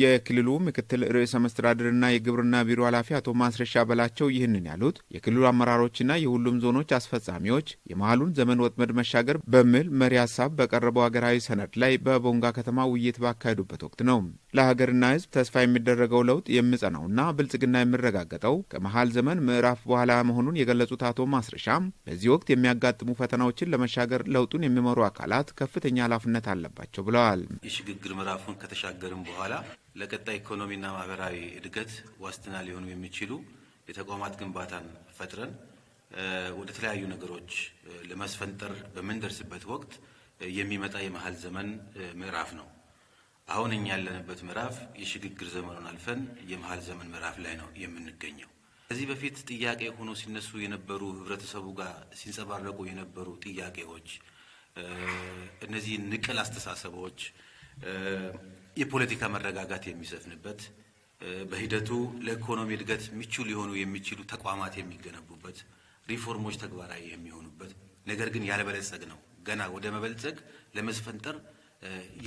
የክልሉ ምክትል ርዕሰ መስተዳድርና የግብርና ቢሮ ኃላፊ አቶ ማስረሻ በላቸው ይህንን ያሉት የክልሉ አመራሮችና የሁሉም ዞኖች አስፈጻሚዎች የመሀሉን ዘመን ወጥመድ መሻገር በሚል መሪ ሀሳብ በቀረበው ሀገራዊ ሰነድ ላይ በቦንጋ ከተማ ውይይት ባካሄዱበት ወቅት ነው። ለሀገርና ሕዝብ ተስፋ የሚደረገው ለውጥ የሚጸናውና ብልጽግና የሚረጋገጠው ከመሀል ዘመን ምዕራፍ በኋላ መሆኑን የገለጹት አቶ ማስረሻም በዚህ ወቅት የሚያጋጥሙ ፈተናዎችን ለመሻገር ለውጡን የሚመሩ አካላት ከፍተኛ ኃላፊነት አለባቸው ብለዋል። የሽግግር ምዕራፉን ከተሻገርም በኋላ ለቀጣይ ኢኮኖሚና ማህበራዊ እድገት ዋስትና ሊሆኑ የሚችሉ የተቋማት ግንባታን ፈጥረን ወደ ተለያዩ ነገሮች ለመስፈንጠር በምንደርስበት ወቅት የሚመጣ የመሀል ዘመን ምዕራፍ ነው። አሁን እኛ ያለንበት ምዕራፍ የሽግግር ዘመኑን አልፈን የመሀል ዘመን ምዕራፍ ላይ ነው የምንገኘው። ከዚህ በፊት ጥያቄ ሆኖ ሲነሱ የነበሩ ህብረተሰቡ ጋር ሲንጸባረቁ የነበሩ ጥያቄዎች፣ እነዚህ ንቅል አስተሳሰቦች የፖለቲካ መረጋጋት የሚሰፍንበት በሂደቱ ለኢኮኖሚ እድገት ምቹ ሊሆኑ የሚችሉ ተቋማት የሚገነቡበት ሪፎርሞች ተግባራዊ የሚሆኑበት ነገር ግን ያልበለጸግ ነው ገና ወደ መበልጸግ ለመስፈንጠር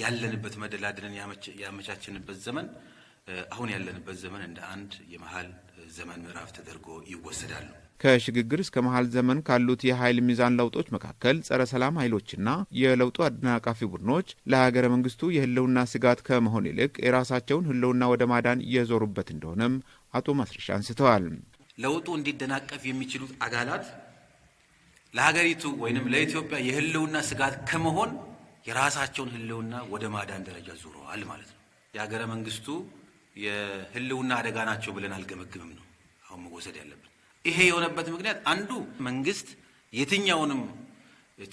ያለንበት መደላድንን ያመቻችንበት ዘመን አሁን ያለንበት ዘመን እንደ አንድ የመሀል ዘመን ምዕራፍ ተደርጎ ይወሰዳሉ። ከሽግግር እስከ መሀል ዘመን ካሉት የኃይል ሚዛን ለውጦች መካከል ጸረ ሰላም ኃይሎችና የለውጡ አደናቃፊ ቡድኖች ለሀገረ መንግስቱ የህልውና ስጋት ከመሆን ይልቅ የራሳቸውን ህልውና ወደ ማዳን እየዞሩበት እንደሆነም አቶ ማስረሻ አንስተዋል። ለውጡ እንዲደናቀፍ የሚችሉት አጋላት ለሀገሪቱ ወይንም ለኢትዮጵያ የህልውና ስጋት ከመሆን የራሳቸውን ህልውና ወደ ማዳን ደረጃ ዙረዋል ማለት ነው። የሀገረ መንግስቱ የህልውና አደጋ ናቸው ብለን አልገመግምም ነው አሁን መወሰድ ያለብን። ይሄ የሆነበት ምክንያት አንዱ መንግስት የትኛውንም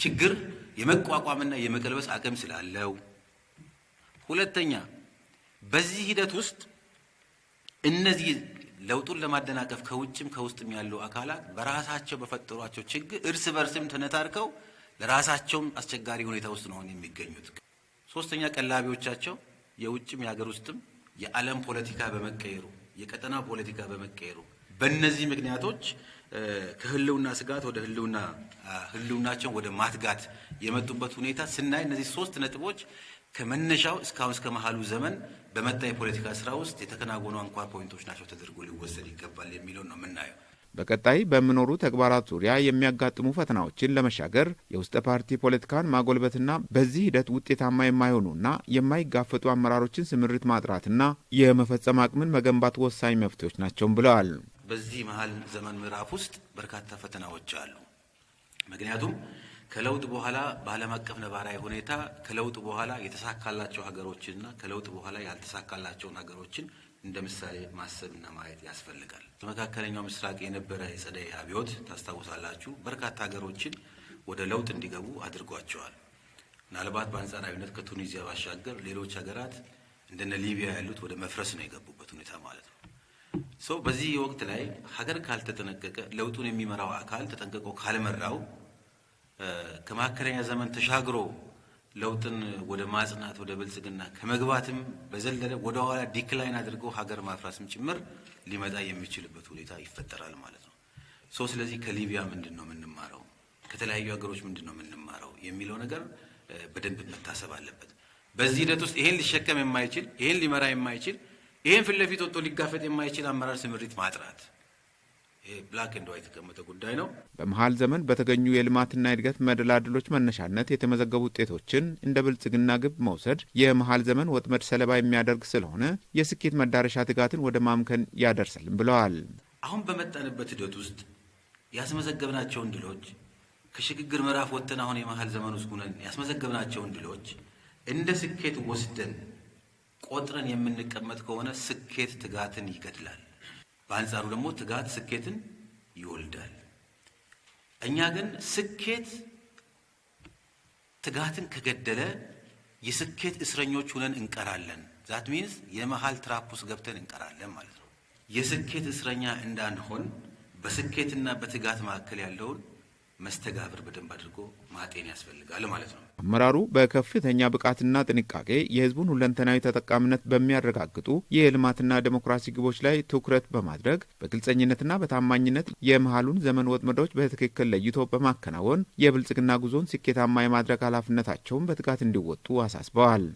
ችግር የመቋቋምና የመቀልበስ አቅም ስላለው፣ ሁለተኛ በዚህ ሂደት ውስጥ እነዚህ ለውጡን ለማደናቀፍ ከውጭም ከውስጥም ያሉ አካላት በራሳቸው በፈጠሯቸው ችግር እርስ በርስም ተነታርከው ለራሳቸውም አስቸጋሪ ሁኔታ ውስጥ ነው የሚገኙት። ሶስተኛ ቀላቢዎቻቸው የውጭም የሀገር ውስጥም የዓለም ፖለቲካ በመቀየሩ የቀጠና ፖለቲካ በመቀየሩ በእነዚህ ምክንያቶች ከህልውና ስጋት ወደ ህልውና ህልውናቸውን ወደ ማትጋት የመጡበት ሁኔታ ስናይ እነዚህ ሶስት ነጥቦች ከመነሻው እስካሁን እስከ መሀሉ ዘመን በመጣ የፖለቲካ ስራ ውስጥ የተከናወኑ አንኳር ፖይንቶች ናቸው ተደርጎ ሊወሰድ ይገባል የሚለውን ነው የምናየው። በቀጣይ በሚኖሩ ተግባራት ዙሪያ የሚያጋጥሙ ፈተናዎችን ለመሻገር የውስጥ ፓርቲ ፖለቲካን ማጎልበትና በዚህ ሂደት ውጤታማ የማይሆኑና የማይጋፈጡ አመራሮችን ስምሪት ማጥራትና የመፈጸም አቅምን መገንባት ወሳኝ መፍትሄዎች ናቸውም ብለዋል። በዚህ መሀል ዘመን ምዕራፍ ውስጥ በርካታ ፈተናዎች አሉ። ምክንያቱም ከለውጥ በኋላ በዓለም አቀፍ ነባራዊ ሁኔታ ከለውጥ በኋላ የተሳካላቸው ሀገሮችንና ከለውጥ በኋላ ያልተሳካላቸውን ሀገሮችን እንደ ምሳሌ ማሰብና ማየት ያስፈልጋል። በመካከለኛው ምስራቅ የነበረ የጸደይ አብዮት ታስታውሳላችሁ፣ በርካታ ሀገሮችን ወደ ለውጥ እንዲገቡ አድርጓቸዋል። ምናልባት በአንጻራዊነት ከቱኒዚያ ባሻገር ሌሎች ሀገራት እንደነ ሊቢያ ያሉት ወደ መፍረስ ነው የገቡበት ሁኔታ ማለት ነው። በዚህ ወቅት ላይ ሀገር ካልተጠነቀቀ ለውጡን የሚመራው አካል ተጠንቅቆ ካልመራው ከመካከለኛ ዘመን ተሻግሮ ለውጥን ወደ ማጽናት ወደ ብልጽግና ከመግባትም በዘለለ ወደ ኋላ ዲክላይን አድርጎ ሀገር ማፍራስም ጭምር ሊመጣ የሚችልበት ሁኔታ ይፈጠራል ማለት ነው። ሶ ስለዚህ ከሊቢያ ምንድን ነው የምንማረው፣ ከተለያዩ ሀገሮች ምንድን ነው የምንማረው የሚለው ነገር በደንብ መታሰብ አለበት። በዚህ ሂደት ውስጥ ይሄን ሊሸከም የማይችል ይሄን ሊመራ የማይችል ይህን ፊት ለፊት ወጥቶ ሊጋፈጥ የማይችል አመራር ስምሪት ማጥራት ብላክ እንደ የተቀመጠ ጉዳይ ነው። በመሀል ዘመን በተገኙ የልማትና እድገት መደላድሎች መነሻነት የተመዘገቡ ውጤቶችን እንደ ብልጽግና ግብ መውሰድ የመሀል ዘመን ወጥመድ ሰለባ የሚያደርግ ስለሆነ የስኬት መዳረሻ ትጋትን ወደ ማምከን ያደርሳልም ብለዋል። አሁን በመጠንበት ሂደት ውስጥ ያስመዘገብናቸውን ድሎች ከሽግግር ምዕራፍ ወጥተን አሁን የመሀል ዘመን ውስጥ ሁነን ያስመዘገብናቸውን ድሎች እንደ ስኬት ወስደን ቆጥረን የምንቀመጥ ከሆነ ስኬት ትጋትን ይገድላል። በአንጻሩ ደግሞ ትጋት ስኬትን ይወልዳል። እኛ ግን ስኬት ትጋትን ከገደለ የስኬት እስረኞች ሁነን እንቀራለን። ዛት ሚንስ የመሃል ትራፑስ ገብተን እንቀራለን ማለት ነው። የስኬት እስረኛ እንዳንሆን በስኬትና በትጋት መካከል ያለውን መስተጋብር በደንብ አድርጎ ማጤን ያስፈልጋል ማለት ነው። አመራሩ በከፍተኛ ብቃትና ጥንቃቄ የህዝቡን ሁለንተናዊ ተጠቃሚነት በሚያረጋግጡ የልማትና ዴሞክራሲ ግቦች ላይ ትኩረት በማድረግ በግልጸኝነትና በታማኝነት የመሃሉን ዘመን ወጥመዶች በትክክል ለይቶ በማከናወን የብልጽግና ጉዞን ስኬታማ የማድረግ ኃላፊነታቸውን በትጋት እንዲወጡ አሳስበዋል።